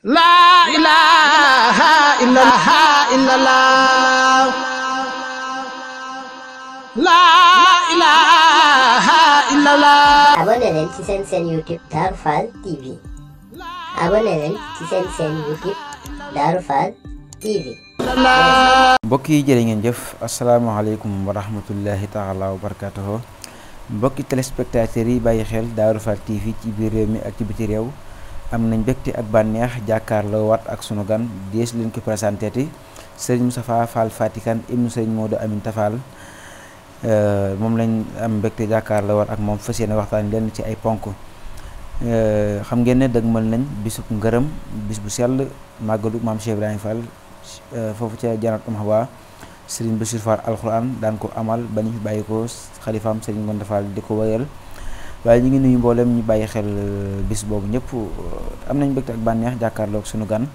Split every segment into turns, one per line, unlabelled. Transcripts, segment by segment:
لا إله إلا الله إلا الله لا إله إلا
الله Abonne leen ci seen seen YouTube Darou Fall TV abonne leen ci seen seen YouTube Darou Fall TV
mbokk yi jërë ngeen jëf asalaamaaleykum wa rahmatullahi taala wa barakatuhu mbokki téléspectateurs yi bàyyi xel Darou Fall TV ci biir réew mi ak ci biti réew am nañ mbégte ak bànneex jàkkaarloo waat ak sunu gan dees leen ko présenté ti sëriñ Moustapha Fall Fatikan ibnu sëriñ Modou Aminta Fall euh, moom lañ am mbégte jàkkaarloo waat ak moom fas ne waxtaan lenn ci ay ponk euh, xam ngeen ne dëgmal nañ bisub ngërëm bis bu sell màggalu maam Cheikh Ibrahima Fall euh, foofu ca janaat um hawa sëriñ Bachir Fall alxuraan daan ko amal ba ñu fi bàyyi ko xalifaam sëriñ Gonda Fall di ko wéyal waaye ñi ngi nuyu mboolem ñu bàyyi xel bis bobu ñepp am nañ mbégte ak jakar lok suñu gan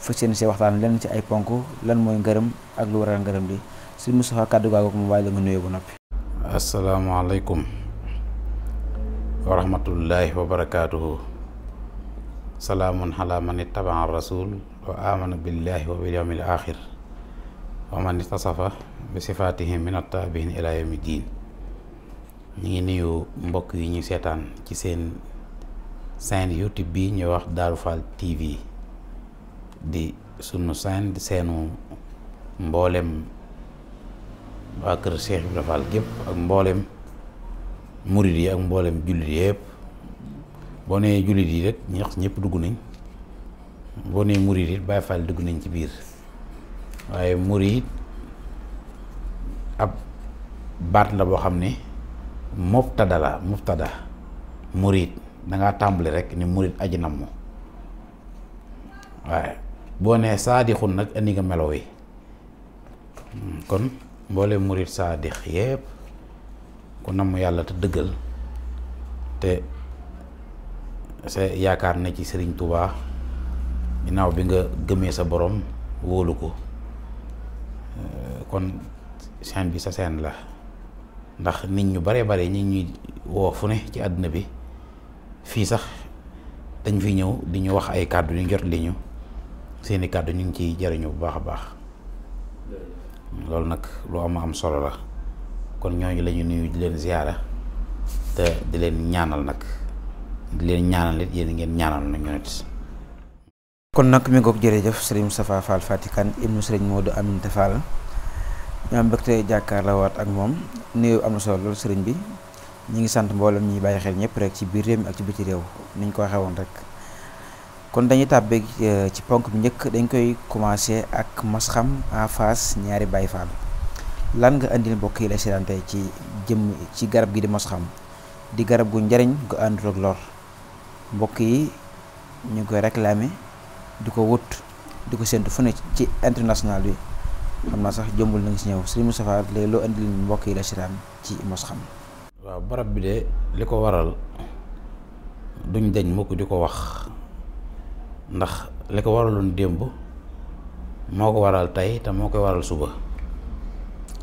fa seen see waxtaan lenn ci ay ponku lan moy ngeerum ak lu waral ngeerum bi si Moustapha kàddu gaagu mu bàyyi la nga nuyu bu
assalamu alaykum wa rahmatullahi wa barakatuh salamun ala man ittabaa rasul wa amana billahi wa bil yawmil akhir wa man ittasafa bi sifaatihim min at-tabi'in ila yawmid din ñu ngi nuyu mbokk yi ñu seetaan ci seen chaîne YouTube bi ñu wax Darou Fall TV di sunu chaîne di seenu mboolem waa kër Cheikh Ibra gépp ak mboolem murid yi ak mboolem jullit yëpp boo nee jullit yi rek ñax ñëpp dugg nañ boo nee murid it Baay Fall dugg nañ ci biir waaye murid ab baat la boo xam ne. mubtada la mubtada murid da nga tambali rek ni murid aji nam mu bo ne sadikhun nak nag nga melo wi kon boleh murid sadikh yeb ko nam yalla te deugal te sa yaakaar na ci sering touba ginaaw bi nga gëmee sa borom woluko euh, kon sen bi sa sen la ndax nit ñu bare bare ñi ñuy woo fu ne ci àdduna bi fii sax dañ fi ñëw di ñu wax ay kàddu ñu jot li ñu seeni kàddu ñu ngi ciy jariñu bu baax a baax loolu nag lu am solo la kon ñooñu lañu nuyu di leen ziyaara te di leen ñaanal nag di leen ñaanal it yéen ngeen ñaanal nag nit
kon nag mi ngoog jërëjëf sëriñ Moustapha Fall Fatikan ibnu sëriñ Modou Aminta Fall ñoo jakkar la jàkkaarloowaat ak mom nuyu amna solo lool sëriñ bi ñi ngi sant mbolam ñi bàyyi xel ñepp rek ci biir réew ak ci biti réew niñ ko waxé won rek kon dañuy tàbbeeg euh, ci ponk bi ñëk dañ koy commencé ak masxam en face ñaari Baay Faal lan nga andil mbokk yi ci jëm ci garab gi di masxam di garab gu njariñ gu àndul ak lor mbokk yi ñu koy réclamer diko wut diko sentu fune ci international bi xamna naa sax jombul nañ si ñew Serigne Moustapha lo loo indil mbokk yi la si ci mos xam.
barab bi de liko waral duñ deñ moko diko wax ndax liko waral tay ta moko waral suba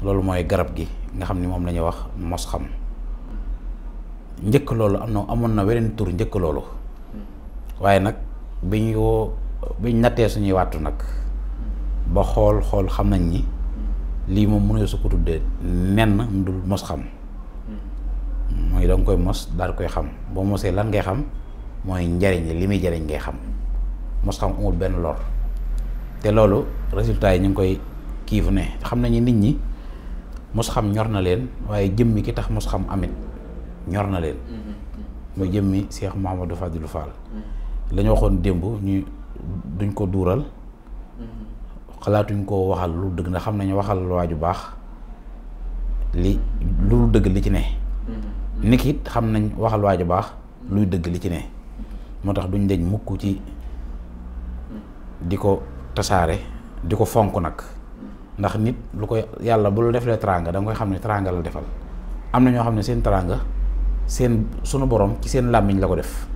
lolu moy garab gi nga xamni mom lañu wax mos xam njëkk loolu am na amoon na weneen tur njëkk loolu hmm. waaye nak bi ñu biñ nattee nak ba xool xool xam nañ ni lii moom mënee su ko tuddee nen mu dul mos xam
hmm.
mooy danga koy mos daal koy xam boo mosee lan ngay xam mooy njariñ li muy jariñ ngay xam mos xam amul benn lor te loolu résultat yi ñu ngi koy kii fu ne xam nañu nit ñi mos xam ñor na leen waaye jëm jëmmi ki tax mos xam amit ñor na leen mooy hmm, hmm, jëmmi Cheikh Mouhamadou Fadilou Fall la ñu waxoon démb ñu duñ ko duural xalaatuñ koo waxal lu dëgg na xam nañu waxal waaju baax li lu dëgg li ci ne mm-hmm. nit it xam nañ waxal waaju baax luy dëgg li ci ne mm-hmm. moo tax duñ deñ mukk ci di ko tasaare di ko fonk nag mm-hmm. ndax nit lu ko yàlla bu lu deflee teraanga da nga koy xam ne teraanga la defal am na ñoo xam ne seen teraanga seen sunu borom ci seen làmmiñ la ko def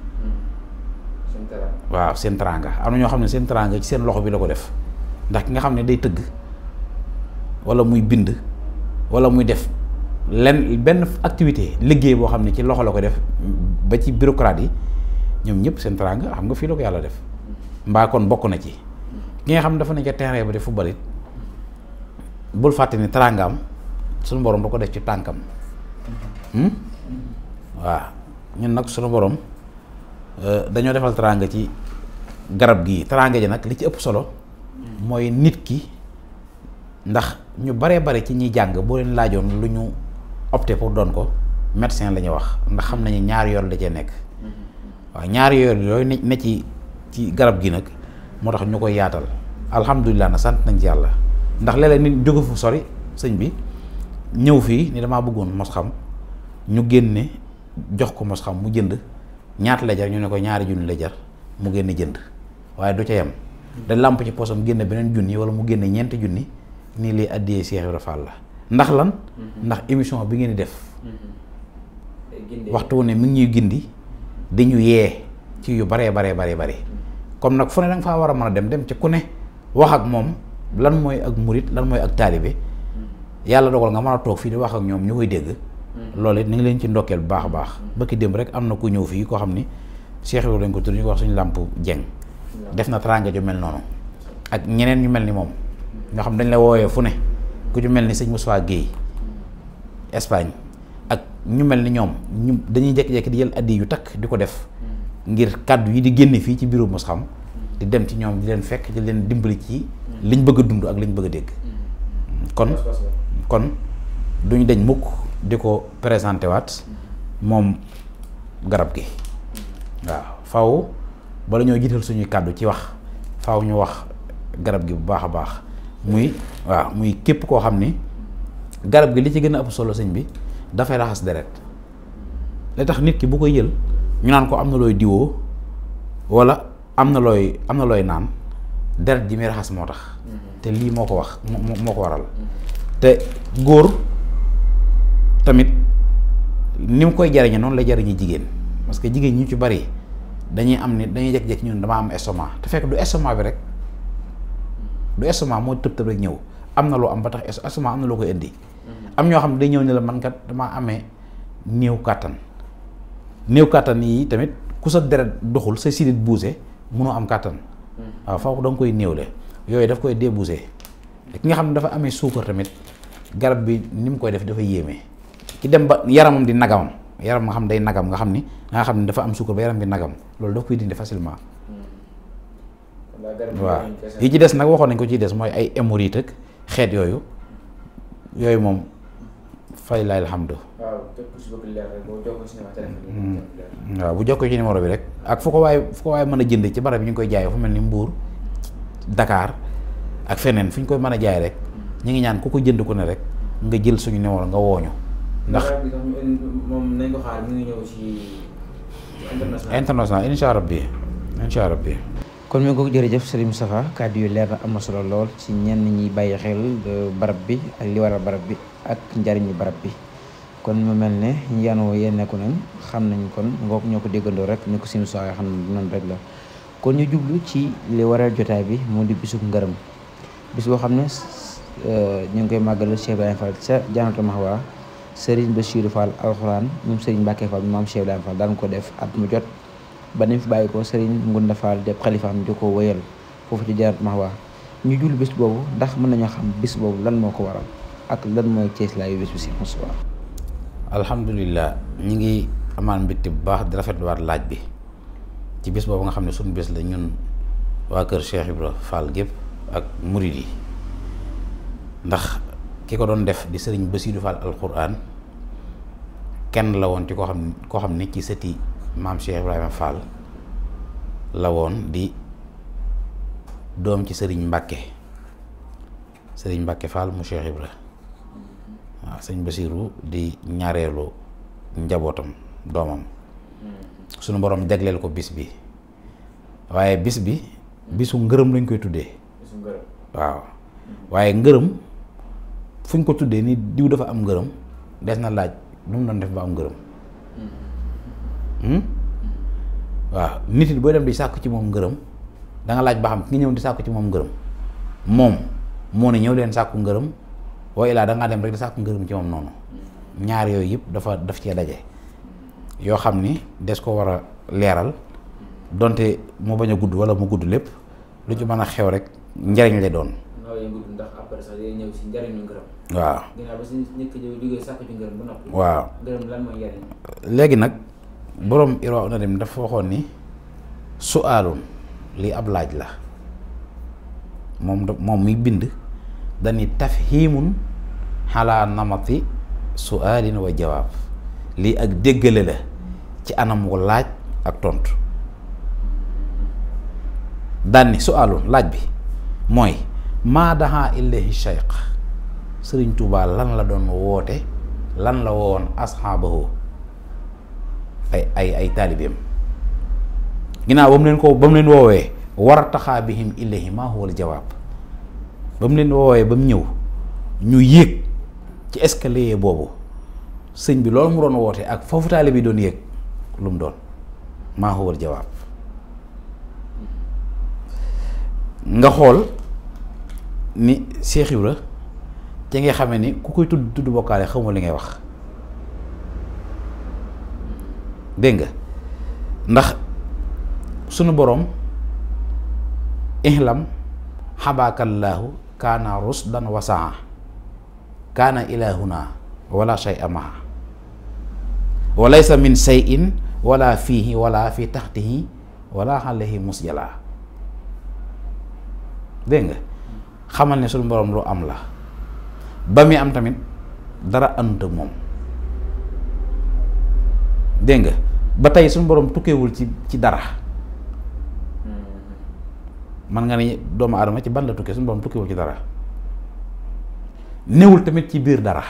waaw seen teraanga am na ñoo xam ne seen teraanga ci seen loxo bi la ko def ndax ki nga xam ne day tëgg wala muy bind wala muy def lenn benn activité liggéey boo xam ne ci loxo la ko def ba ci bureaucrate yi ñoom ñëpp seen teraanga xam nga fii la ko yàlla def mbaa kon bokk na ci ki nga xam ne dafa nekk terrain ba def fu it bul fàtte ne teraangaam suñu borom da ko def ci tànkam hmm? waaw ñun nag suñu borom euh, dañoo defal teraanga ci garab gii teraanga ji nag li ci ëpp solo mooy nit ki ndax ñu baree bare ci ñuy jàng boo leen laajoon lu ñu opté pour doon ko médecin lañu wax ndax xam nañu ñaari yoon la cee nekk waaw ñaari yoon yooyu ne ci ci garab gi nag moo tax ñu koy yaatal alhamdulilah na sant nañ ci yàlla ndax léeg-léeg nit jóge fu sori sëñ bi ñëw fii ni damaa bëggoon mos xam ñu génne jox ko mos xam mu jënd ñaata la jar ñu ne ko ñaari junni la jar mu génne jënd waaye du ca yem da lamp ci posam génne benen junni wala mu génne ñent junni ni li addiyee Cheikh Ibra la ndax lan mhm. ndax émission bi ngeen def mhm. waxtu wu ne mi ngi gindi di ñu yee ci yu bare bare bare bare comme mhm. nak fune dang fa wara mëna dem dem ci ku ne wax ak mom lan moy ak murit lan moy ak talibé yalla dogal nga mëna tok fi nyom di wax ak ñom ñukoy dégg lolé ni ngi leen ci ndokkel bu baax ba ki dem rek am ku ñew fi ko xamni Cheikh Ibra lañ ko tur ñu wax suñu jeng def na teraanga ju mel noonu ak ñeneen ñu mel ni moom ñoo xam dañ lay wooyee fu ne ku ju mel ni sëñ Moussa Guèye Espagne ak ñu mel ni ñoom ñu dañuy jékki-jékki di jël addi yu takk di ko def ngir kàddu yi di génn fii ci bureau Mos Xam di dem ci ñoom di leen fekk di leen dimbali ci liñ bëgg a dund ak liñ bëgg a dégg kon kon duñ dañ mukk di ko présenté waat moom garab gi waaw faw bala ñoo jiital suñuy kaddu ci wax faaw ñu wax garab gi bu baaxa baax muy waaw muy képp koo xam ni garab gi li ci gën a ëpp solo sëñ bi dafay raxas deret li tax nit ki bu koy jël ñu naan ko am na looy diwoo wala am na looy am na looy naan deret di mi raxas moo tax mm-hmm. te lii moo ko wax moo ko waral te góor tamit ni mu koy jariñe noonu la jariñe jigéen parce que jigéen ñu ci bari dañuy am nit dañuy jékki-jékki ñun dama am estomac te fekk du estomac bi rek du estomac moo tëb tëb rek ñëw am na loo am ba tax estomac am na loo koy indi.
Mm-hmm.
am ñoo xam ne day ñëw ne la man kat damaa amee néew kàttan néew kàttan yi tamit ku sa deret doxul sa sidit bougé mënoo am kàttan.
Mm-hmm.
waaw foofu da koy néew néewle yooyu daf koy débousé ki nga xam ne dafa amee suukar tamit garab bi ni mu koy def dafa yéeme ki dem ba yaramam di nagamam. yaram nga xam day nagam nga xam ni nga xam ni dafa am suukar ba yaram bi nagam loolu daf koy dindi facilement. waaw yi ci des nag waxoon nañ ko ci des mooy ay hémorroïdes ak xeet yooyu yooyu moom fay laay alhamdu. waaw mm. waaw bu jokkoo ci numéro bi rek ak fu ko waaye fu ko waaye mën a jënd ci barab yi ñu koy jaayee fu mel ni Mbour dakaar ak feneen fu ñu koy mën a jaay rek mm. ñu ngi ñaan ku ko jënd ku ne rek nga jël suñu numéro nga wooñu ndax
moom nañ ko xaar mi ngi ñëw ci
international international incha rabbi incha rabbi kon mi ngi ko jërëjëf
Serigne Moustapha kàddu yu leer na am solo lool ci ñenn ñi bàyyi xel barab bi ak li waral barab bi ak njariñu barab bi kon mu mel ne ñu yanoo yenneku nañ xam nañ kon ngoog ñoo ko déggandoo rek ni ko Serigne Moustapha xam ne noonu rek la kon ñu jublu ci li waral jotaay bi moo di bisub ngërëm bis boo xam ne euh, ñu ngi koy màggal Cheikh Fall ca Serigne Bachirou Fall alxuraan moom Serigne Mbacke Fall maam Cheikh Ibrahima Fall daan ko def at mu jot ba ni fi bàyyi ko Serigne Ngunda Fall def xalifaam di ko wéyal foofu ci jarat Mahwa ñu jul bis boobu ndax mën nañoo xam boobu lan moo ko waral ak lan mooy ceeslaayu bis bi si Moussa.
alhamdulilah ñu ngi amaan mbégte bu baax di rafetluwaat laaj bi ci bis boobu nga xam ne sunu bis la ñun waa kër Cheikh Ibrahima gépp ak murid yi ndax. ki ko doon def di sëriñ Bassirou Fall alquran kenn la woon ci koo xam koo xam ne ci sëti maam Cheikh Ibrahima Fall la woon di doom ci sëriñ Mbacke sëriñ Mbacke Fall mu Cheikh Ibra waaw sëriñ Bassirou di ñaareelu njabootam doomam sunu boroom degleel ko bis bi waaye bis bi bisu ngërëm lañ koy tuddee waaw waaye ngërëm fu ñu ko tuddee ni diw dafa am ngërëm des na laaj nu mu doon def ba am ngërëm hmm? waaw nit it booy dem di sàkk ci moom ngërëm da laaj ba xam ki ñëw di sàkk ci moom ngërëm moom moo ne ñëw leen sàkk ngërëm waaye laa da ngaa dem rek di sàkku ngërëm ci moom noonu ñaar yooyu yëpp dafa def cee daje yoo xam ni des ko war a leeral donte mu bañ a gudd wala mu gudd lépp lu ci mën a xew rek njariñ la doon.
lañ waaw
léegi nag borom Irwa na dem dafa waxoon ni su aalum lii ab laaj la moom da moom mi bind dañuy tafhimun xalaa namati suaalin wa jawaab lii ak déggale la ci anam wu laaj ak tontu. daanni su laaj bi mooy maa daxa illahi cheikh sëriñ Touba lan la doon woote lan la woowoon asxaabahu ay ay taalibeem ginnaaw ba mu leen ko ba mu leen woowee war a taxaa bi illahi maa huwa al jawaab ba mu leen woowee ba mu ñëw ñu yéeg ci escalier boobu sëñ bi loolu mu doon woote ak foofu taalibe bi doon yéeg lu mu doon maa jawaab nga xool ni Cheikh Ibra ci nga xamee ni ku koy tudd tudd bokkaale xamul li ngay wax dégg nga ndax sunu boroom ihlam xabaakallaahu kaana rusdan wasaa kaana ilaahuna wala shay a maha wa laysa min shayin wala fiihi wala fi taxtihi wala alayhi musjala dégg nga xamal ne suñu borom lu am la ba am tamit dara àndut mom moom ba tay suñu borom tukkeewul ci ci dara
hmm.
man nga ni doomu aadama ci ban la tukkee suñu borom tukkeewul ci dara newul tamit ci bir dara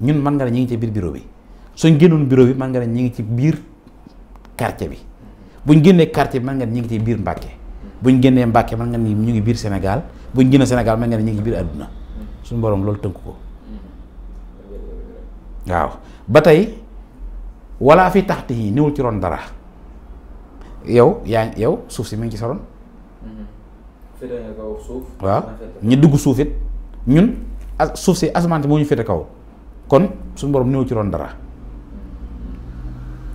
ñun man nga ne birubi ngi ci bir bureau bi suñu génnoon bureau bi man nga ne ngi ci bir quartier bi buñu gënné quartier man nga ne ngi ci bir mbacké buñu gënné mbacké man nga ni ñu ngi bir Sénégal buñ génn Sénégal mel nga ne ñu ngi biir àdduna suñu borom loolu tënk ko waaw ba tey wala fi taxte yi niwul ci ron dara yow yaa yow suuf si mi ngi ci sa waaw ñu dugg suufit ñun as suuf si asamaan si moo ñu féete kaw kon suñu borom niwul ci ron dara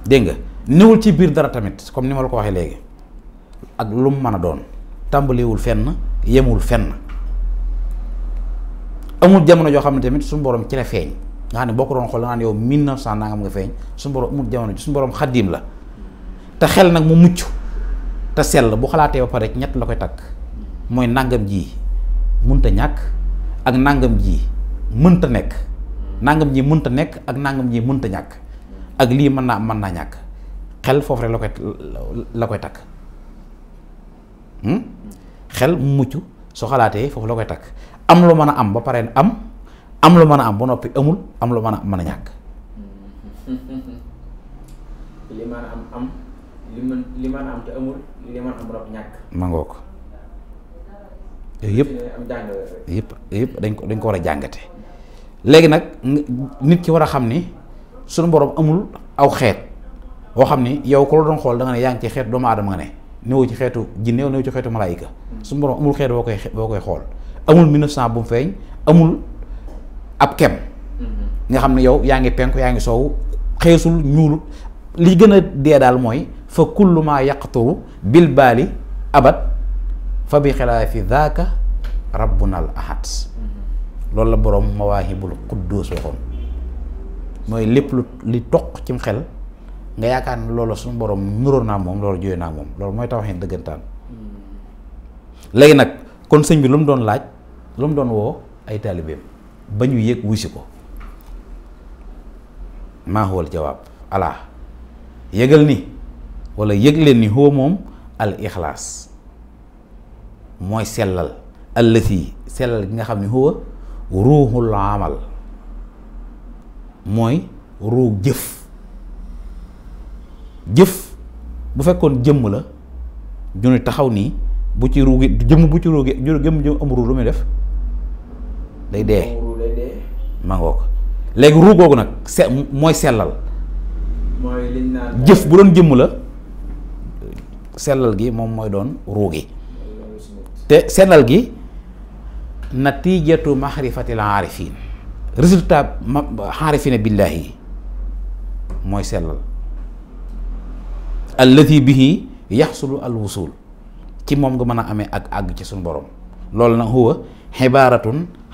dégg nga niwul ci biir dara tamit comme ni ma la ko waxee léegi ak lu mu mën a doon tàmbalewul fenn yemul fenn amul jamono jo xamne tamit sun borom ci la feñ nga xam ne boo ko nga yow 1900 nangam nga feñ sun borom amul jamono sun borom khadim la ta xel nag mu muccu ta sel bu xalaté ba pare ñet la koy tak moy nangam ji munta ñak ak nangam ji munta nek nangam ji munta nek ak nangam ji munta ñak ak li man na man na ñak xel fofu rek la koy la koy takk. Hmm? xel mu mucc su xalaatee foofu la koy takk am lu mën a am ba pare am am lu mën a am ba noppi amul am lu mën a mën a ñàkk.
mën a am am li
mangoo ko yooyu yëpp yëpp yëpp dañ ko dañ ko war a jàngate léegi nag nit ki war a xam ni sunu borom amul aw xeet boo xam ni yow ko la doon xool da nga ne yaa ngi ci xeet doomu aadama nga ne. néew ci xeetu jinne néew ci xeetu malaayika suñu borom amul xeet boo koy boo koy xool amul 1900 bu mu feeñ amul ab kem nga xam ne yow yaa ngi penku yaa ngi soow xeesul ñuulut li gën a dee daal mooy fa kullu maa yaqturu bil baali abad fa bi xilaafi daaka rabbuna al ahad loolu la boroom mawaahibul quddus waxoon mooy lépp lu li toq cim xel nga yaakaar ne loolu suñu borom nuróo naa moom loolu jóoy naa moom loolu mooy tawhiid dëggantaan. Hmm. léegi nag kon sëñ bi lu mu doon laaj lu mu doon woo ay taalibeem ba ñu yëg wusi ko maa huwal jawaab alaa yëgal ni walla yëg leen ni huwa moom al ixlaas mooy sellal allati sellal gi nga xam ne huwa ruuxul amal mooy ruug jëf jëf bu fekkoon jëmm la ñu ne taxaw nii bu ci ruugi jëmm bu ci ruugi jëmm jëmm am ruu lu muy def day dee ma ngoog léegi ruu googu nag se mooy sellal jëf bu doon jëmm la sellal gi moom mooy doon ruu gi te sellal gi natiijatu maxrifatil aarifin résultat ma xaarifina yi mooy sellal الذي به يحصل الوصول كي موم غمانا امي اك اك سي سون بوروم لول هو عباره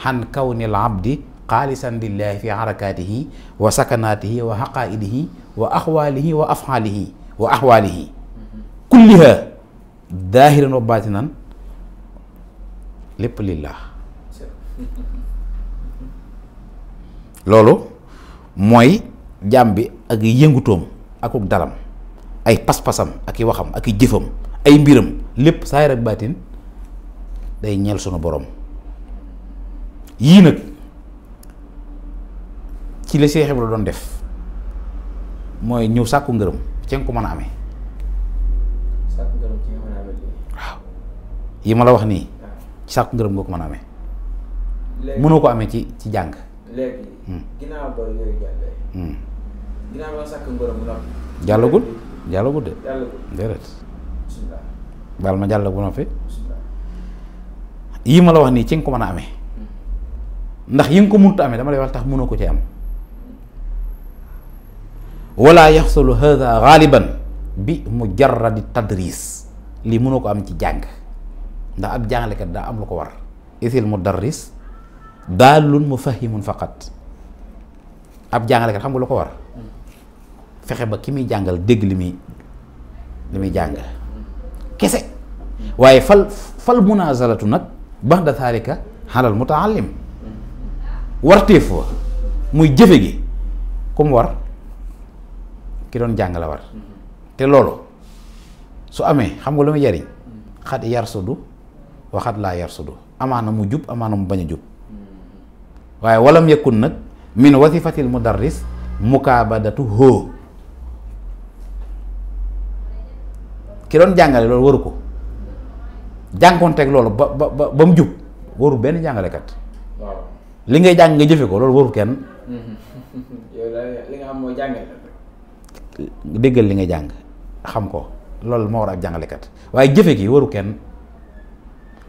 عن كون العبد خالصا لله في حركاته وسكناته وحقائده واحواله وافعاله واحواله كلها ظاهرا وباطنا لب لله لولو موي جامبي اك ييغوتوم اكو دارام ay pas-pasam ak i waxam ak i jëfam ay mbiram lepp saayir ak batin day ñël suñu borom yi nak ci le cheikh ibrahim doon def moy ñu sakku ngeerum ci nga ko mën a amee waaw yi ma la wax ni ci sakku ngeerum nga mëna amé mëno ko amé ci ci jang légui hmm.
ginaaw ba yoy jallé hmm ginaaw ba sàkku ngërëm noppi jallagul
jàllagut de déedéet baal ma jàll bu noppi yii ma la wax nii ci nga ko mën a amee ndax yi nga ko mënut amee dama lay wax tax mënoo ko ci am wala yaxsulu hada xaaliban bi mujarradi tadris lii mënoo ko am ci jàng ndax ab jàngalekat daa am lu ko war isil mudarris daalun mufahimun faqat ab jàngalekat xam nga lu ko war fexe ba ki muy jàngal dégg li muy muy jàng kese waaye fal fal munazalatu nag ba thalika halal mutaallim warteef wa muy jëfe gi comme war ki doon jàng la war te loolu su amee xam nga lu muy jariñ xat yar sudu waxat laa yar sudu amaana mu jub amaana mu bañ a jub waaye walam yakun nag min wasifatil mudarris mukaabadatu hoo ki doon jàngale loolu waru ko jànkoonteeg loolu ba ba ba mu jub waru benn jàngalekat. waaw li ngay jàng nga jëfe ko loolu waru kenn.
yow li nga
déggal li nga jàng xam ko loolu moo war a jàngalekat waaye jëfe gi waru kenn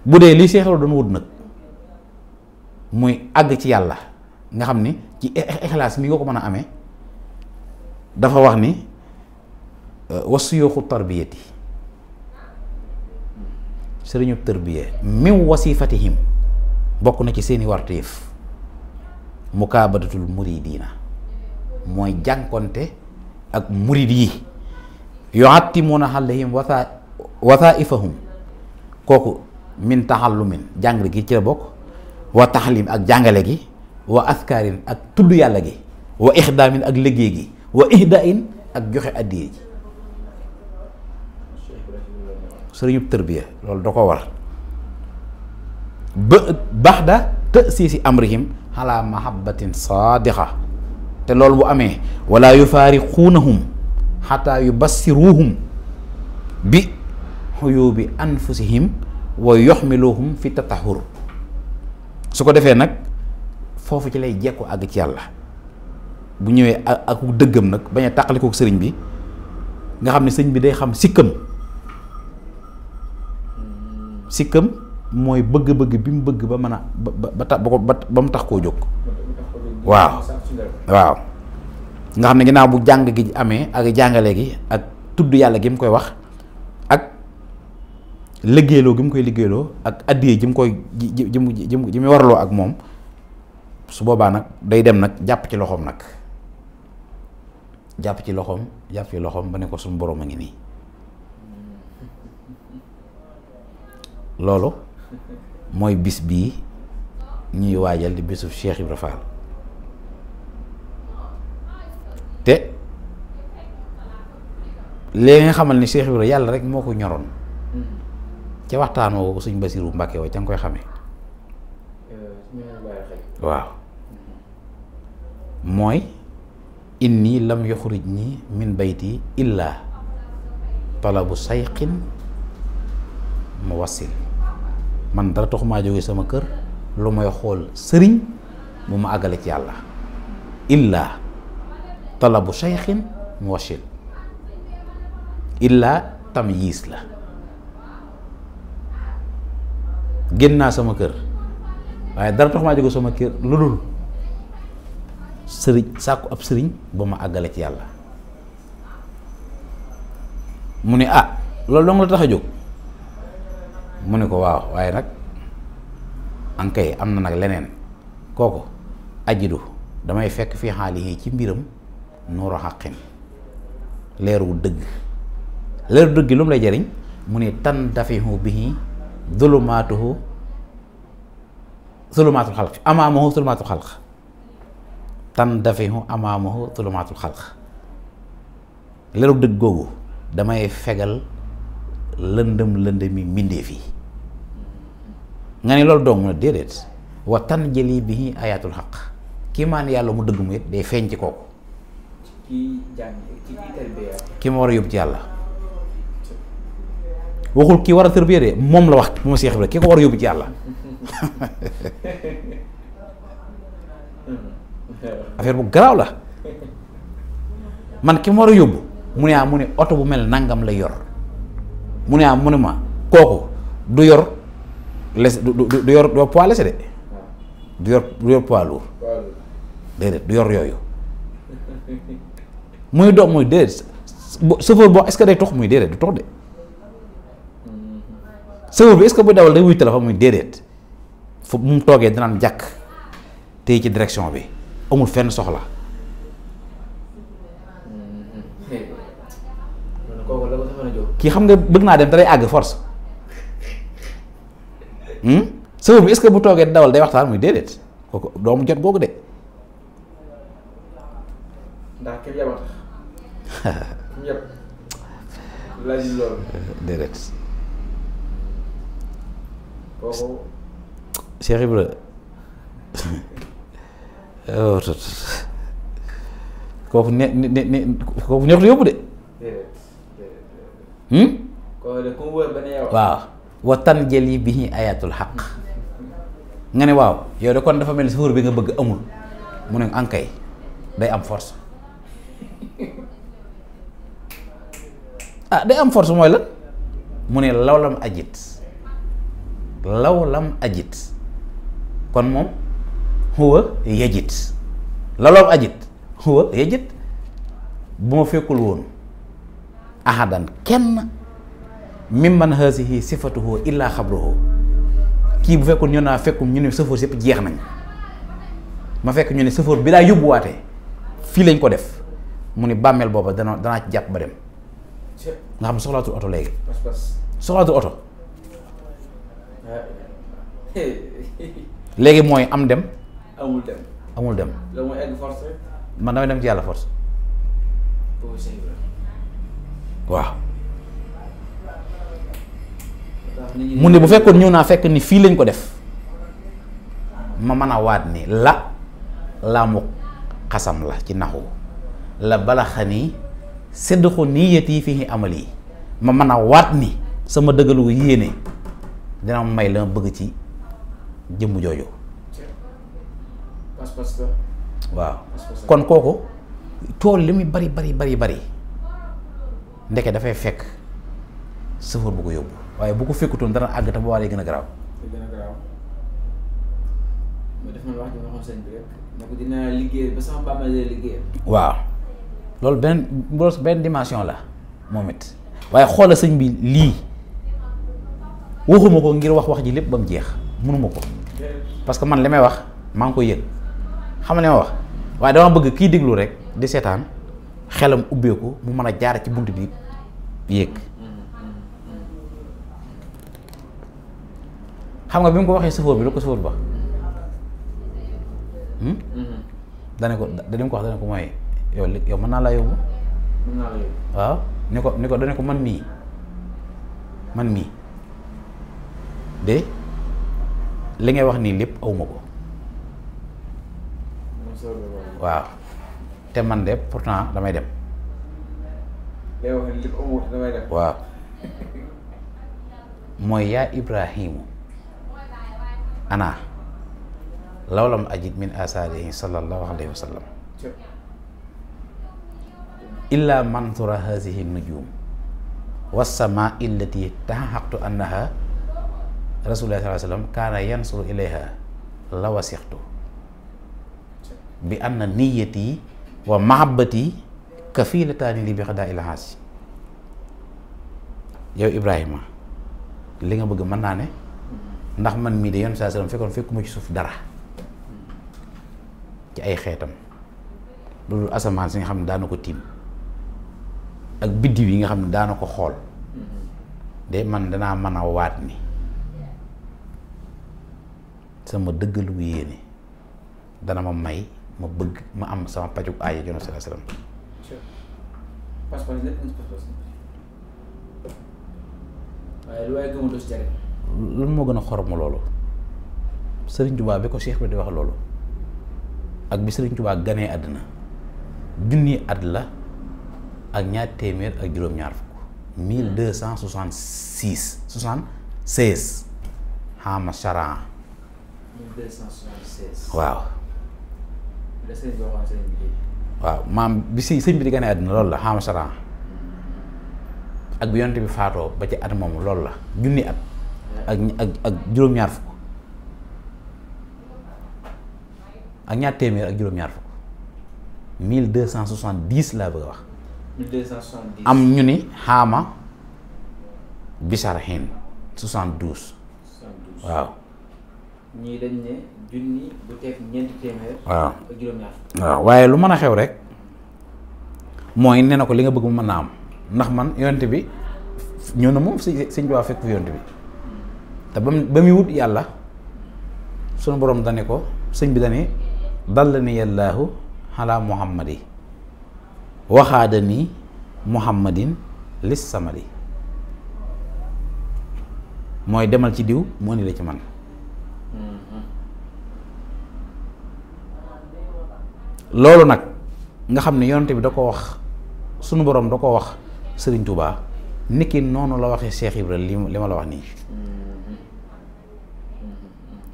bu dee li seexaloo doon wut nag muy àgg ci yàlla nga xam ni ci e-, e-, ixlaas mi nga ko mën a ame dafa wax ni wasiyooxu tarbiyati sëriñu tërbiye min wasifatihim bokk na ci seeni warteef mukaabadatul muridiina mooy jànkonte ak murid yi yuattimuuna alayhim wasa wasaifahum kooku min taxallumin jàngale gi ci la bokk wa taxlim ak jàngale gi wa askaarin ak tudd yàlla gi wa ixdaamin ak liggéey gi wa ihdain ak joxe addiye ji sëriñub tërbiya loolu da ko war ba baax amrihim ala mahabbatin saadiqa te loolu bu amé wala yufaariquunahum xataa yubassiruuhum bi huyubi anfusihim wa yoxmiluuhum fi tatahur su ko defee nag foofu ci lay jekku ag ci yàlla bu ñëwee ak dëggam nak baña a tàqalikook sëriñ bi nga xamni sëriñ bi day xam sikkam sikkam mooy bëgg-bëgg bi mu bëgg ba mën a ba ba ba mu tax koo jóg waaw waaw nga xam ne ginnaaw bu jàng gi amee ak jàngale gi ak tudd yàlla gi mu koy wax ak liggéeyloo gi mu koy liggéeyloo ak addiyee ji mu koy ji ji mu ji mu warloo ak moom su boobaa nag day dem nag jàpp ci loxoom nag jàpp ci loxoom jàpp ci loxoom ba ne ko suñu borom a ngi nii loolu mooy bis bii ñuy waajal di bisub Cheikh Ibra Fall te léegi nga xamal ni Cheikh Ibra yàlla rek moo ko ñoroon ca waxtaan woo suñ Basiru Mbàkke woo ca nga koy xamee waaw mooy inni lam yoxruj nii min bayti illa talabu sayqin mu wasil man dara maju joge sama kër lu may xool sëriñ mu ma ci yalla illa talabu shaykhin mushil illa tamyiis la genna sama kër waye dara taxumaa joge sama kër lulul serign sëriñ ab serign ba ma àggale ci yalla ah lolou dong la mu ne ko waaw waaye nag ankay am na nag leneen kooku ajidu damay fekk fi xaali yi ci mbiram nuuru xaqin leeru dëgg leeru dëgg lu mu lay jariñ mu ne tan dafihu bihi dulumaatuhu sulumaatul xalq amaamahu sulumaatul xalq tan dafihu amaamahu sulumaatul xalq leeru dëgg googu damay fegal lëndëm lëndëmi mbindeef yi nga ne loolu dong mu ne déedéet wa tan jëli bi ayatul xaq kii maan yàlla mu dëgg mu it day feeñ ci kooku ki ma war a yóbbu ci yàlla waxul ki war a moom la wax moom Seex Ibra yóbbu ci affaire bu garaaw la man ki ma war a yóbbu mu ne ah oto bu mel nangam la yor mu am mune mu ma kooku du yor les du du du yor poids léger de ah. du yor du yor poids lourd dede du yor yoyo muy do muy déedéet chauffeur boo est-ce que day muy dede du tok de mm-hmm. chauffeur bi est-ce que buy dawal day wuy téléphone muy dede fu mu toge dana jak tey ci direction bi amul fenn soxla. kii xam nga bëgg naa dem dalay àgg force hmm? sëfër bi est-ce bu toogee dawal day waxtaan muy déedéet kooku doomu jot googu de. ndax képp déedéet. kooku. Ibra. Oh, kooku ne ne ne kooku neexul yóbbu de.
waaw
wa tanjali bihi ayatul hak. nga ne waaw yow ya de kon dafa mel ni suur bi nga bëgg amul mu ne day am force ah day am force mooy lan mu ne lawlam ajit lawlam ajit kon mom, huwa yajit lawlam ajit huwa yajit bu kulun. fekkul ahadan kenn mi man haasihi sifatuhu illa xabruhu kii bu fekkul ñëw naa fekkum ñu ne sëfoor yëpp jeex nañ ma fekk ñu ne sëfoor bi laa yóbbuwaatee fii lañ ko def mu ni bàmmeel booba dana danaa jàpp ba dem nga xam soxlaatul oto léegi soxlaatul oto léegi mooy am dem amul dem amul dem man damay dem ci yàlla force waaw
mu ne bu fekkoon ñëw
naa fekk ni fii lañ ko def ma mën a waat ni la laamu xasam la ci naxu la balaxa nii sédduxu niyyat yi fi amal yi ma mën a waat ni sama dëggalu yéene dina may la bëgg ci jëmm jooju waaw kon kooku tool li muy bari bari bari bari ndeke fay fekk sëfoor bu ko yobbu waye bu ko fekkutoon dara àgg te bu waree gën a garaaw.
gën a def na wax dama xam sëñ bi rek ne dina liggéey ba sama bàmmeel lay liggéey.
waaw loolu ben loolu ben dimension la momit waye xol xoola bi li waxuma ko ngir wax wax ji lépp ba jeex mënuma ko parce que man limay wax mang koy yëg xam nga wax waye dama bëgg ki déglu rek di sétane xelam ubbeeku mu mën a jaar ci bunt bi yéeg xam nga bi mu ko waxee sëfoor bi lu ko sëfoor ba hmm? dana ko dana ko wax dana ko mooy yow li yow mën naa laa yóbbu waaw ni ko ni ko dana ko man nii man mii de li ngay wax nii lépp awuma ko waaw te man de pourtant damay dem.
day wax li amul damay dem.
waaw mooy yaa Ibrahimu ana law ajid min asaarihi sallallahu alayhi wa sallam illaa mantura hazihi nujum wassamaa illati taxaqtu annaha rasulullah sallallahu alayhi wa sallam kaana yansuru ilayha lawasixtu bi anna niyati wa mahabbati kafilataani li bixdaa ila has yow Ibrahima li nga bëgg man na né ndax man mi de yoon saa salaam fekkoon fekkuma ci suuf dara ci ay xétam loolu asaman si nga ak biddi wi nga de man dana mën waat ni sama wi yene dana ma may ma bëgg ma am sama pajug aay lu
waaye gëmul du si jariñ
moo gën a xormu loolu Serigne Touba bi ko Cheikh bi di wax loolu ak bi Serigne Touba ganee àddina junni at la ak ñaar téeméer ak juróom-ñaar fukk mille deux cent soixante six soixante seize waaw waaw maam bi si sëñ bi di gane àdduna loolu la xaama saran ak bi yonte bi faatoo ba ci at moom lool la junni at ak ak ak juróom-ñaar fukk ak ñaar téeméer ak juróom-ñaar fukk mille cent soixante dix laa bëgg am ñu ni xaama bisar hin soixante douze waaw
ñii dañ ne junni bu teg ñeenti téeméer. waaw ak juróom-ñaar.
waaw waaye lu mën a xew rek mooy nee na ko li nga bëgg mu mën naa am ndax man yonent bi ñëw na moom si sëñ Tuubaa fekk fi yonent bi ta ba mu ba muy wut yàlla sunu borom dane ko sëñ bi dane dalla ni yàllaahu ala muhammadi waxaada ni muhammadin lis samadi mooy demal ci diw moo ni la ci man loolu nag nga xam ne yonte bi da ko wax suñu borom da ko wax Serigne Touba niki noonu la waxee Cheikh Ibra li li ma la wax nii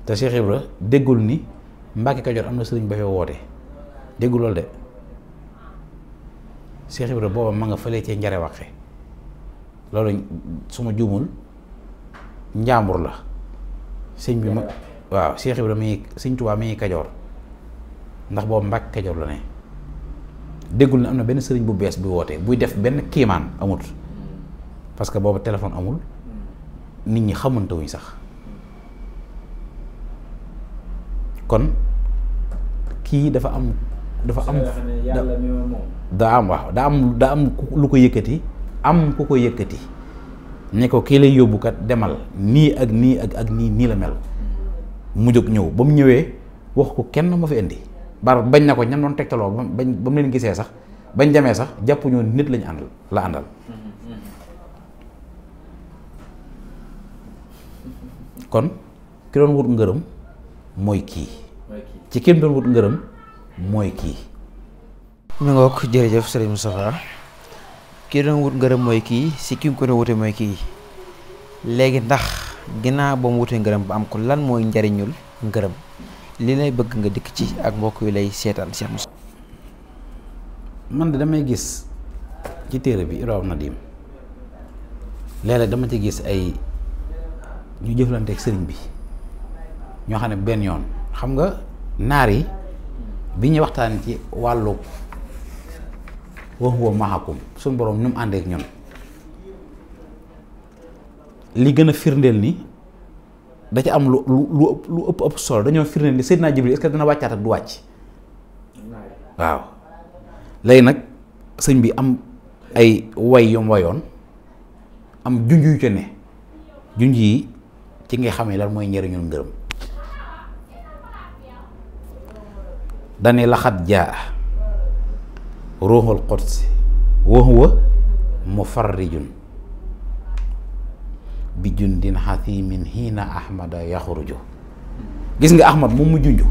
te Cheikh Ibra déggul ni Mbàkke Kajoor am na sëriñ ba fi woote déggulool loolu de Cheikh Ibra booba ma nga fële cee njare waxe loolu su ma juumul njàmbur la sëñ bi ma waaw Cheikh Ibra mi ngi sëñ Touba mi ngi Kajoor ndax boobu Mbàkke Kajoor la ne déggul ne am na benn sëriñ bu bees bu wootee buy def benn kiimaan amut parce que boobu téléphone amul nit ñi xamante sax kon kii dafa am dafa am daa am lu ko yëkkati am ku ko yëkkati ne ko kii lay yóbbu kat demal nii ak nii ak ak nii nii la mel mu jóg ñëw ba mu ñëwee wax ko kenn ma fi indi bar bañ na ko ñam doon tegtaloo bañ bam leen gisee sax bañ jame sax jappu ñu nit lañ andal la andal kon ki doon wut ngërëm moy ki ci kim doon wut ngërëm moy ki mi nga wax jef serigne mustafa ki doon wut ngërëm
moy ki si ki ko doon wute mooy kii léegi ndax gina ba mu wutee ngërëm ba am ko lan moy njariñul ngërëm li lay bëgg nga dikk ci ak mbokk yi lay seetaan
Cheikh Moussa. man de damay gis ci téere bi Irwaa Nadim léeg-léeg dama ci gis ay ñu jëflanteeg sëriñ bi ñoo xam ne benn yoon xam nga naar yi bi ñu waxtaan ci wàllu wa huwa maakum suñu borom ñu mu àndeek ñun li gën a firndeel ni. da ci am lu lu lu ëpp ëpp solo dañu firnde ni sayyidina Jibril est-ce que dina wàccaat ak du wacc waaw lay nak señ bi am ay way yom wayon am junj yu ca ne junj ci nga xamé lan mooy njëriñul dani la khat jaa ruhul qudsi wa huwa mufarrijun bi jundin xathimin hina ahmada yakhruju gis nga ahmad moom mu junju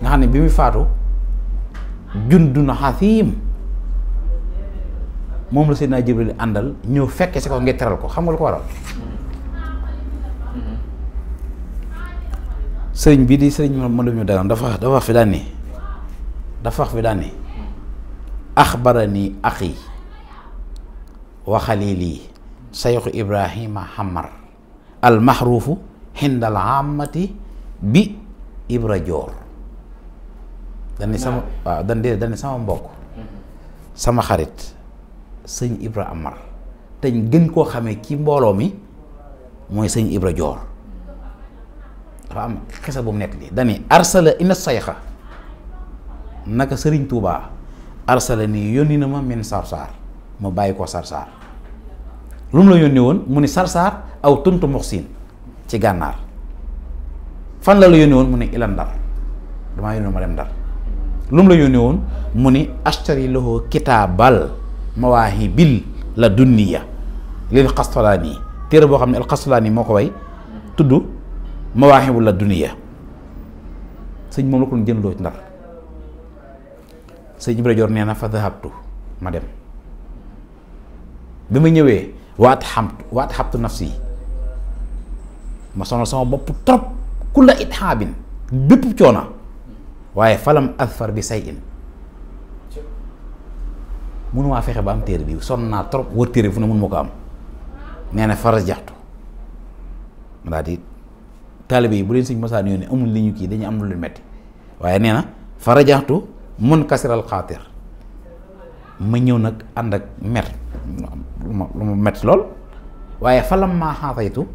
nga xam bi mi faatu jundun xathim mom la sayyidina Jibril andal ñew fekke ci ko ngir teral ko xam nga ko waral serigne bi di serigne mo lu ñu dafa dafa fi dani dafa fi dani akhbarani akhi wa khalili sayyid ibrahim Hamar. al maxruufu amati bi ibra joor dani sama waaw dan dee dani sama mbokk sama xarit sëñ ibra amar te ñu gën koo xamee ci mbooloo mi mooy sëñ ibra joor dafa am xesa bu mu nekk li dani arsala ina sayxa naka sëriñ tuubaa arsala nii yónni na ma mu bàyyi ko sarsaar lu la yoni won mu sarsar aw tuntu muhsin ci gànnaar fan la la yoni won mu ne ila ndar damaa ma dem dar lu la yoni won mu ashtari lahu kitabal mawahibil la dunya lil qaslani tere bo xamni al qaslani moko way tuddu mawahibul la dunya sëñ mom la ko doon ci ndar sëñ ibrahim jor neena fa dhahabtu ma dem bima ma waat xamtu waat xabtu nafsi yi ma sonal sama bopp trop kulla it bépp coona waaye falam asfar bi say in mënumaa fexe ba am téere bi sonn naa trop wër téere bi fu ne mënuma ko am nee na faras bu leen sëñ amul li kii dañu am lu waaye nee na farajaxtu mun kasiral xaatir ma ñëw nag ànd ak mer lu ma lu ma met lool waaye falam maa xaataytu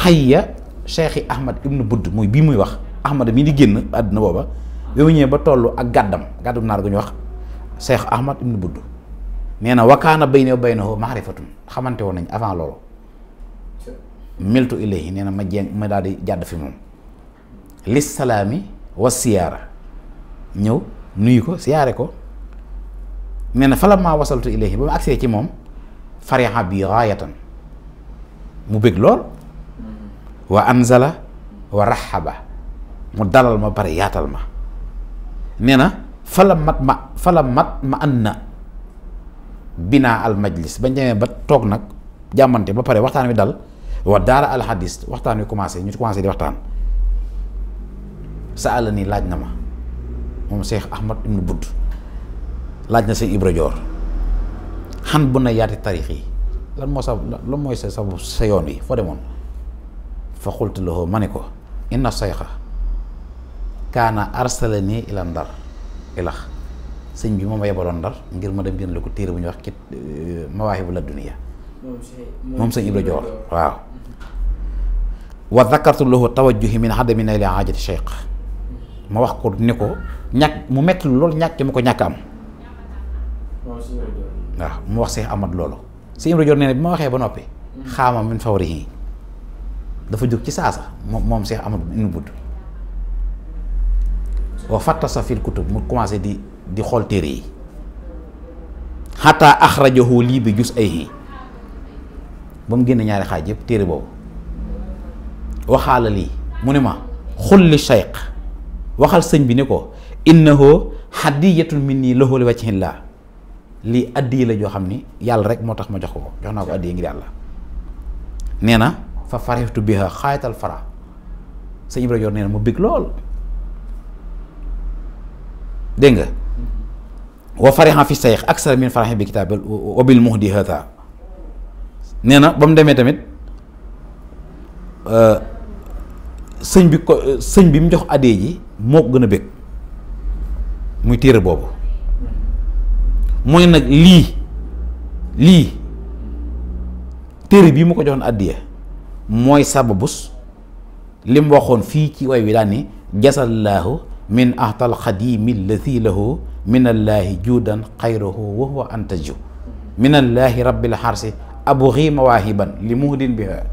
xayya cheikhi ahmad ibnu budd mooy bii muy wax ahmad bi di génn àdduna booba bi mu ñëwee ba toll ak gàddam gàddam naar gu ñu wax cheikh ahmad ibnu budd nee na wakaana bayni wa baynahu maarifatun xamante woon nañ avant loolu miltu ilayhi nee na ma jéng ma daal di jàdd fi moom lis salaami wa siyaara ñëw nuyu ko siyaare ko nee na falammaa wasaltu ilayhi ba ma agsee ci moom fariha bi gaayatan mu bëgg lool wa anzala wa raxaba mu dalal ma bare yaatal ma nee na fala mat ma fala mat ma an na binaa al majlis bañ demee ba toog nag jàmmante ba pare waxtaan wi dal wa daara al hadis waxtaan wi commencé ñu commencé di waxtaan sa àll nii laaj na ma moom Cheikh Ahmad ibnu Budd laaj na sëñ Ibra Joor xan bu na yaati tarix yi lan moo sa lan mooy sa sa sa yoon wi foo demoon fa xultu lahu ma ne ko inna sayxa kaana arsala nii ila ndar ilax sëñ bi moom ma yebaloon ndar ngir ma dem gënal ko téere bu ñuy wax kit euh, mawaahibu la duniya
moom sëñ Ibra Joor
waaw ma wax ko ni ko ñàkk mu metti loolu ñàkk ma ko ñàkk am
waaw
mu wax Cheikh amat loolu Cheikh Ibra Dior nee na bi ma waxee ba noppi hmm. xaama min fawrihi dafa jóg ci saasa moom moom Cheikh Ahmad ibn Budd wa sa fil kutub mu commencé di di xool téere yi xataa axrajahu lii bi jus ayhi ba mu génn ñaari xaaj yëpp téere boobu waxaala lii mu ne ma xulli cheikh waxal sëñ bi ne ko innahu hadiyatun minni lahu li wajhillah lii addi la joo xam ni yàlla rek moo tax ma jox ko jox naa ko addi ngir yàlla nee na fa farixtu biha xaayatal fara sëñ Ibra Joor nee na dégg nga wa farihan fi sayx aksara min farihan bi kitaabil wa bil nee na ba mu demee tamit euh, sëñ bi ko sëñ bi mu jox addee yi moo gën a bég muy téere boobu mooy nag lii lii téere bii mu ko joxoon addiya mooy sababus li mu waxoon ci way wi daan ni min ahtal xadimi alladi lahu min allaahi juudan xayrahu wa huwa antaju min allaahi rabbil xarsi abughi mawahiban li muhdin biha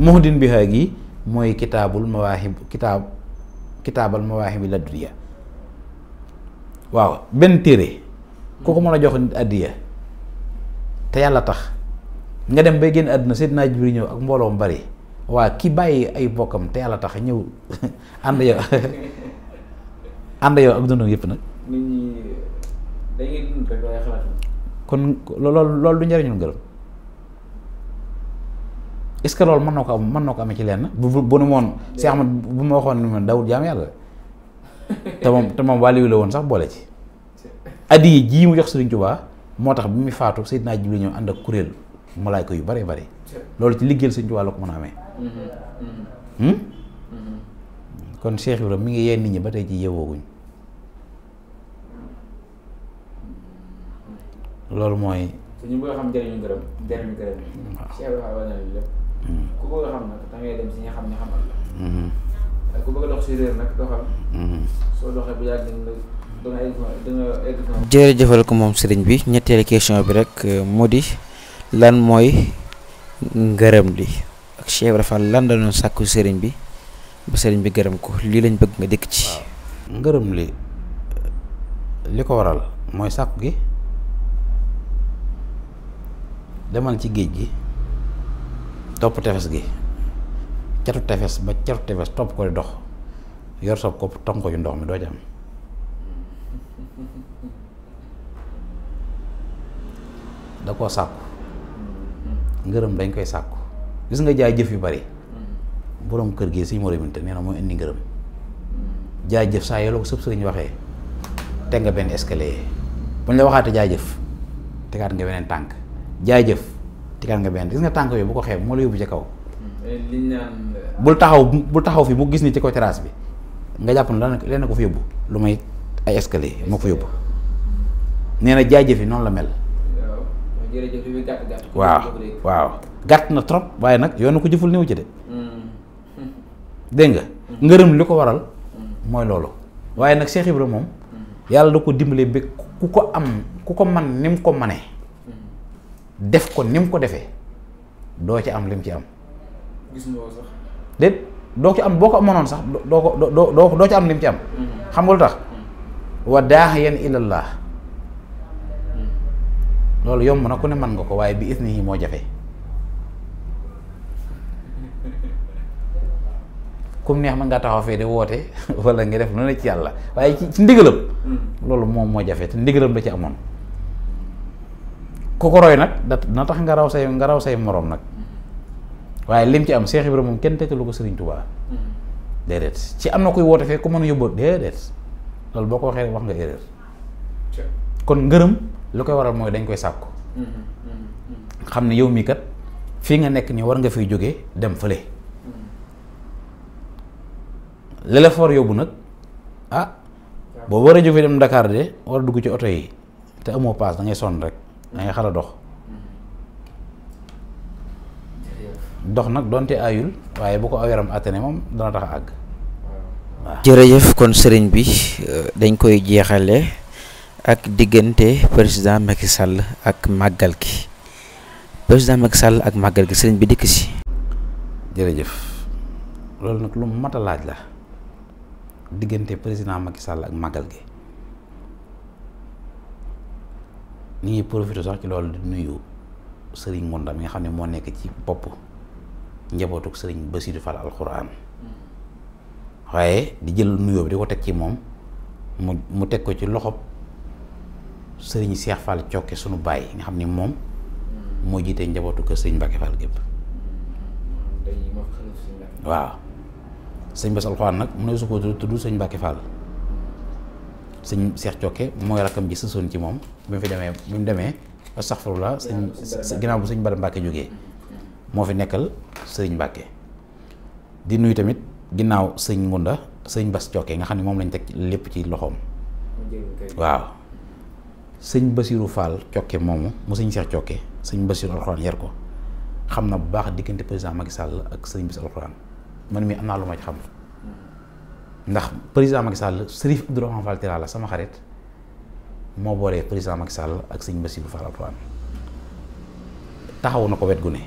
muhdin biha gi mooy kitaabul mawaahib kitaab kitaabal mawaahibi la waaw benn téere ku ko mën a jox addiya te yàlla tax nga dem bay génn àdduna Seydina Jibril ñëw ak mbooloo mu bari waa kii bàyyi ay bokkam te yàlla tax ñëw ànd yow ànd yow ak dundam yëpp nag.
nit ñi dañuy dund rek waaye xalaat
kon loolu loolu du njëriñul ngërëm est-ce que loolu mën na ko am mën na ko amee ci lenn bu bu bu nu moon si Ahmad bu ma waxoon nu man dawul jaam yàlla te moom te moom wàlliwu woon sax boole ci. Adi jii mu jox serigne touba motax bi faatu Seydina Jibril ñëw and ak kurel malaika yu bare bare lolu ci liggeel serigne touba lako mëna amé
mm-hmm. hmm mm-hmm.
kon Cheikh ibrahim mi ngi yeen nit ñi batay ci yeewooguñ loolu moy
ñu bëgg xam jëriñu gërëm njëriñu gërëm Cheikh ku jërëjëfal ko moom sëriñ bi ñetteelu question bi rek euh, moo di lan mooy ngërëm li ak Cheikh Ibra lan la doon sàkku sëriñ bi ba sëriñ bi gërëm ko lii lañ bëgg nga dikk ci.
ngërëm li li ko waral mooy sàkku gi demal ci géej gi topp tefes gi catu tefes ba catu tefes topp ko di dox yor sob ko tonko yu ndox mi doo jam da ko sàkku ngeureum dañ koy sàkku gis nga jaay jëf yu bari borom kër gi seigne moroom te neena mo indi ngeureum jaay jëf sa yelo sepp seigne waxe te nga ben escalier buñ la waxaatee jaay jëf tegaat nga benen tank jaay jëf tegaat nga benen gis nga tank yooyu bu ko xeeb mo la yobu ci kaw. bul taxaw bul taxaw fi bu gis ni ci ko terrasse bi nga japp na len ko fi yobu lumay ay escalier ko jaay jëf yi la mel. waaw waaw gàtt na trop waaye nag yoonu ko jëful néew ci de
hmm. dégg nga hmm. ngërëm li ko waral hmm.
mooy loolu waaye nag Cheikh Ibra moom yàlla da ko dimbale ba ku ko am ku ko man ni mu ko mane def ko ni mu ko defee doo ci am lim ci am gis nga sax doo ci am boo ko amoon sax doo ko doo doo ci am lim ci am xam nga lu tax wa daax yan ilallah loolu yomb na ku ne man nga ko waaye bi isnihi moo jafe kum neex man nga taxaw fee di woote wala nga def noonu ci yàlla waaye ci ci ndigalam mm. loolu moom moo jafe te ndigalam da ci amoon ku ko roy nag da na tax nga raw say nga raw say moroom nag waaye lim ci am bi Ibrahima moom kenn tekkalu ko Serigne Touba
mm.
déedéet ci am na kuy woote fee ku mën a yóbbu déedéet loolu boo ko waxee wax nga erreur kon ngërëm lu koy waral mooy dañ koy sàkku
mm-hmm, mm-hmm.
xam ne yow mii kat fii nga nekk nii war nga fiy jóge dem fële
mm-hmm. li yóbbu nag ah
boo war a jógee dem Dakar de war a dugg ci oto yi te amoo paas da sonn rek da ngay xala dox dox nag donte ayul waaye bu ko aw yaram attene moom dana tax àgg.
jërëjëf kon sëriñ bi euh, dañ koy jeexale ak diggante président Macky Sall ak màggal gi président Macky Sall ak màggal gi sëriñ bi dikk ci jërëjëf
loolu nag lu mat laaj la diggante président Macky Sall ak màggal gi ñu ngi profité sax ci loolu di nuyu sëriñ Ngunda mi nga xam ne moo nekk ci bopp njabootuk sëriñ Bassirou Fall alxuraan waaye di jël nuyoo bi di ko teg ci moom mu mu teg ko ci loxo. sëriñ seex Fall cokke suñu baay nga xam ni moom moo jiite njabootu kër sëriñ Mbacke Fall gépp waaw sëñ Bass Alxuraan nag mu ne su tudd sëñ Mbacke Fall sëñ Cheikh cokke mooy rakkam ji sësoon ci moom bi mu fi demee bi mu demee astaxfirullah sëñ ginnaaw bu sëñ Bada Mbacke jógee moo fi nekkal sëriñ Mbacke di nuyu tamit ginnaaw sëñ Ngunda sëñ bas cokke nga xam ne moom lañ teg lépp ci loxoom waaw sëñ Basirou Fall cokke moomu mu sëñ Cheikh cokke sëñ Basirou alxuraan yar ko xam na bu baax diggante président Macky Sall ak sëñ Basirou alxuraan man mii am naa lu ma ci xam ndax président Macky Sall Serif sama xarit moo boolee président Macky Sall ak sëñ Basirou Fall alxuraan taxaw na ko wet gu ne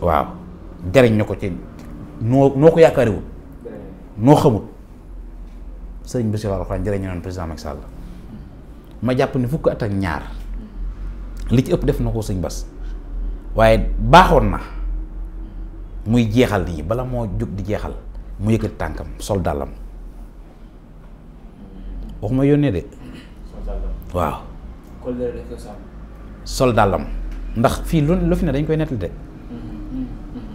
waaw jariñ na ko ci noo noo ko yaakaariwul noo xamul sëñ Basirou alxuraan jariñ na président Macky Sall ma japp ni fukk at ak ñaar li ci ëpp def na ko sëñ bas waaye na muy jéxal ni bala mo juk di jéxal mu yëkkati tankam sol dàllam waxuma yone de waaw sol dalam ndax fi lu lu fi ne dañ koy netal de
mm-hmm.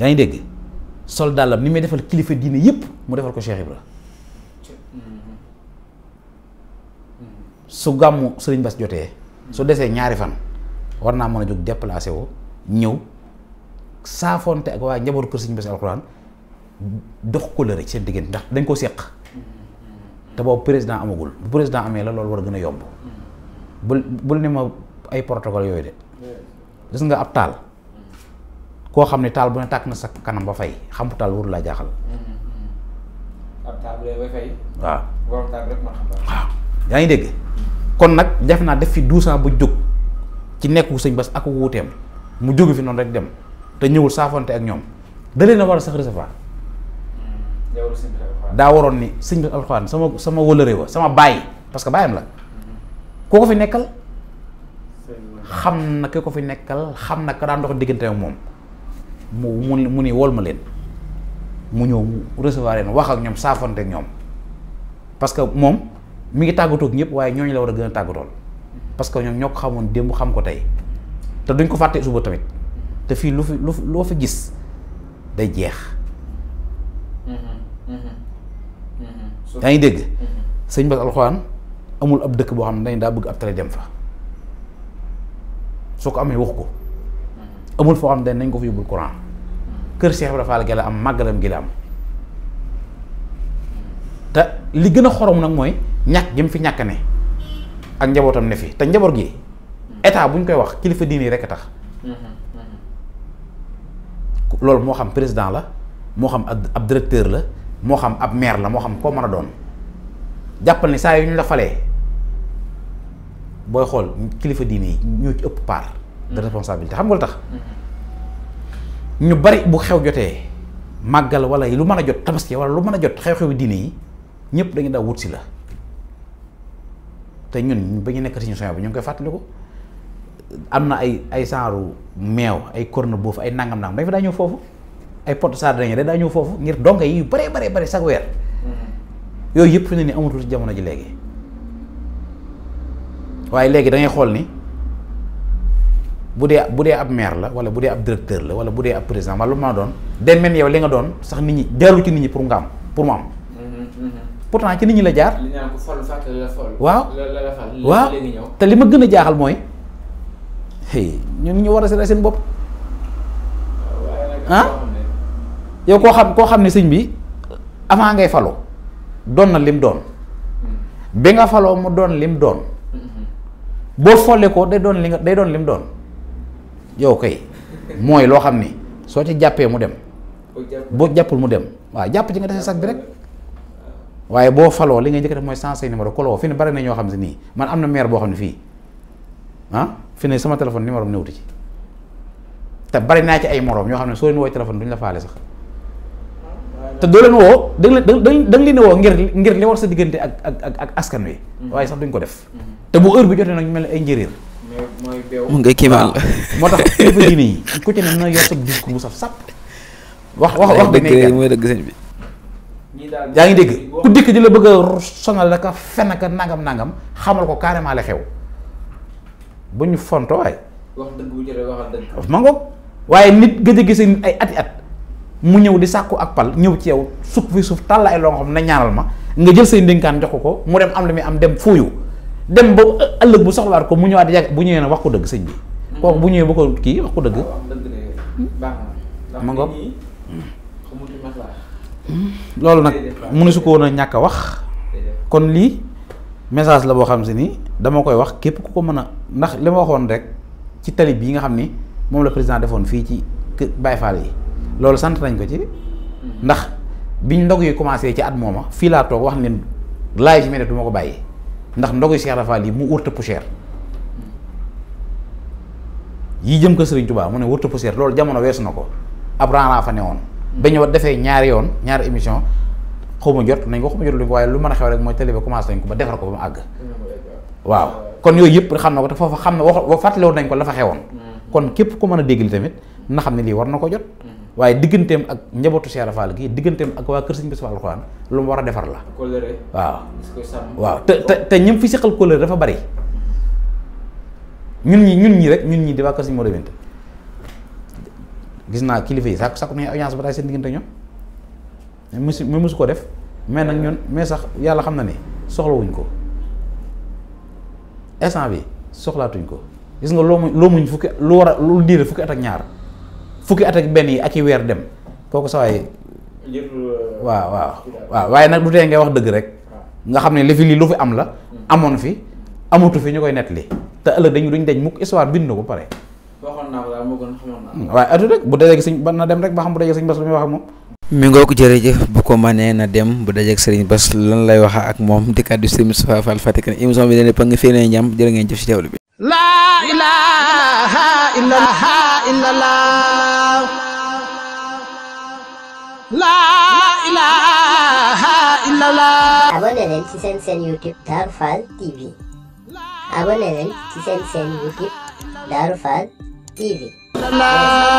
yaay dégg sol dalam ni may defal kilifa diine yépp mu defal ko Cheikh ibrahim su gamu serigne bass jotee su déssé ñaari fan warna mëna jog déplacer jóg ñew wo ñëw ak wa njaboot ko serigne bass alcorane dox ko le rek seen diggante ndax dañ ko séx té bo président amagul bu président amé la loolu war gëna gën a yomb bul bul ma ay protocole yoy dé gis nga ab tal ko xam tal bu ne tak na sa kanam ba fay xam tal waru la jaxal
mm-hmm. ab tal bu lay ba fay. wa borom tal rek ma xam ba
yaa ngi dégg kon nak def na def fi 200 bu juk ci nekku seigne bas ak wuuteem mu jogi fi non rek dem te ñëwul saafonte ak ñom da leena wara sax recevoir da waron ni seigne bass alquran sama sama wolere wa sama bàyyi parce que bayam la koo ko fi nekkal xam na ki ko fi nekkal xam na ka da ndox digënté ak mom mu mu ni wol ma len mu ñew recevoir len wax ak ñoom saafonte ak ñom parce que mom mi ngi tàggatoog ñëpp waaye ñooñu la war a gën a tàggatool parce que ñoom ñoo ko xamoon démb xam ko tey te duñ ko fàtte suba tamit te fii lu fi lu loo fi gis day jeex.
Mm-hmm. Mm-hmm. yaa ngi dégg. Mm-hmm.
sëñ Bass alxuraan amul ab dëkk boo xam ne dañ daa bëgg ab télé dem fa soo ko amee wax ko. amul foo xam ne nañ ko fi yóbbul courant. kër Cheikh Ibrahima Fall gi la am màggalam gi am. te li gën a xorom nag mooy ñàkk gi mu fi ñàkk ne ak njabootam ne fi te njaboot gi état bu ñu koy wax kilifa diini rek a tax. loolu moo xam président la moo xam ab directeur la moo xam ab maire la moo xam koo mën a doon jàppal ni saa yu ñu la falee booy xool kilifa diini yi ñoo ci ëpp part de responsabilité xam nga lu tax. ñu bari bu xew jotee màggal wala lu mën a jot tabaski wala lu man a jot xew-xewi diini yi. ñëpp dañu daw wut si la te ñun ba ñu nekk si ñu sooy bu ñu ngi koy fàttaliku am na ay ay saaru meew ay corne boofu ay nangam nangam dañ fa daa ñëw foofu ay pot sardine dañ daa ñëw foofu ngir donga yi yu bare bare bare chaque weer
mm-hmm.
yooyu yëpp fi ne ni amatul ci jamono ji léegi waaye léegi da xool ni bu dee bu dee ab maire la wala bu dee ab directeur la wala bu dee ab président wala lu ma doon den mel yow li nga doon sax nit ñi jaarul ci nit ñi pour nga pour mu am pourtant ci nit ñi la jaar. li
naan
waaw waaw
te li ma gën a jaaxal mooy hey ñun ñu war a seet seen bopp. ah yow koo xam koo xam ne sëñ bi avant ngay falo doon na lim doon hmm. bi nga faloo mu doon lim doon hmm. boo folle ko day doon li nga day doon lim doon yow kay mooy loo xam ni soo ci jàppee mu dem. boo jàppul mu dem waaw jàpp ci nga dese sag bi rek. waaye boo faloo li nga njëkk def mooy sensé numéro ku la woo fi xam ne nii man am na maire boo xam ne fii ah fi ne sama téléphone numéro am néewtu ci te bari naa ci ay morom ñoo xam ne soo leen woo téléphone duñ la faale sax te doo leen woo da leen da woo ngir ngir li war sa diggante ak ak ak askan wi. Mhm. waaye sax duñ ko def. Mhm. te bu heure bi jotee nag mel ne ay njëriñ. mooy beew mu nga kiimaal moo tax kilifa diine yi ku ci ne na yor sa discours bu saf sàpp wax wax wax bi mooy dëgg sëñ bi. yaa ngi dégg ku dikk di la bëgg a sonal la ka fen ka nangam nangam xamal ko carrément la xew bu ñu fonto waay. wax waaye nit gëj a gis nit ay ati at mu ñëw di sàkku ak pal ñëw ci yow sukk fi suuf tàll ay loo xam na ñaanal ma nga jël seen ndénkaan jox ko mu dem am lu muy am dem fuuyu dem ba ëllëg bu soxlaat ko mu ñëwaat yàgg bu ñëwee na wax ko dëgg sëñ bi. Mm-hmm. kooku bu ñëwee ba ko kii wax ko dëgg. ma loolu nag mënu su ko woon a ñàkk a wax kon lii message la boo xam si ni dama koy wax képp ku ko mën a ndax li ma waxoon rek ci tali bii nga xam ni moom la président defoon fii ci kër Baye Fall yi loolu sant nañ ko ci ndax biñ ndog yi commencé ci at mooma fii laa toog wax ne laay si mel ne ko bàyyi ndax ndog yu Cheikh Rafal yi mu wërta poussière yi jëm ko Serigne Touba mu ne wërta poussière loolu jamono weesu na ko ab rang laa fa newoon. dañoo defee ñaari yoon ñaari émission xaw ma jot nañ ko xaw ma jot waaye lu mën a xew rek mooy télé bi commencé nañ ko ba defar ko ba mu àgg waaw kon yooyu yëpp xam na ko te foofa xam na wax fàttalewoon nañ ko la fa xewoon mm. kon képp ku mën a dégg li tamit na ne lii war na ko jot mm. waaye digganteem ak njabootu Cheikh Fall gi digganteem waa kër Sëriñ Bass Alxuraan lu mu war a defar la waaw waaw te te te ñim fi siqal kóllëre dafa bari mm. ñun ñi ñun ñi rek ñun ñi di waa kër Sëriñ Modou Binta gis naa kilifa yi sàkku sàkku nañu alliance ba seen diggante ñoom musu mais musu ko def mais nag ñun mais sax yàlla xam na ne wuñ ko instant bi soxlaatuñ ko gis nga loo loo muñ fukki lu war a lu diir fukki at ak ñaar fukki at ak yi ak i weer dem kooku saway waay euh, waaw waaw waaw waaye nag du tee ngay wax dëgg rek ah. nga xam li fi lii lu fi am la hmm. amoon fi amatu fi ñu koy nettali te ëllëg dañu duñ dañ mukk histoire bind ko pare
waaye
adu rek bu dajeeg sëñ ba na dem rek ba xam bu dajeeg sëñ lu muy wax ak moom
mi ngoo ko jërëjëf bu ko na dem bu dajeeg Bass lan lay wax ak moom di kaddu si Moustapha Fall Fatick ne émission bi pa nga ñam jërë ngeen jëf ci teewlu bi
illallah la ilaha illallah abonné leen ci seen seen YouTube
Darou TV abonné leen ci seen seen YouTube Darou Fall Easy.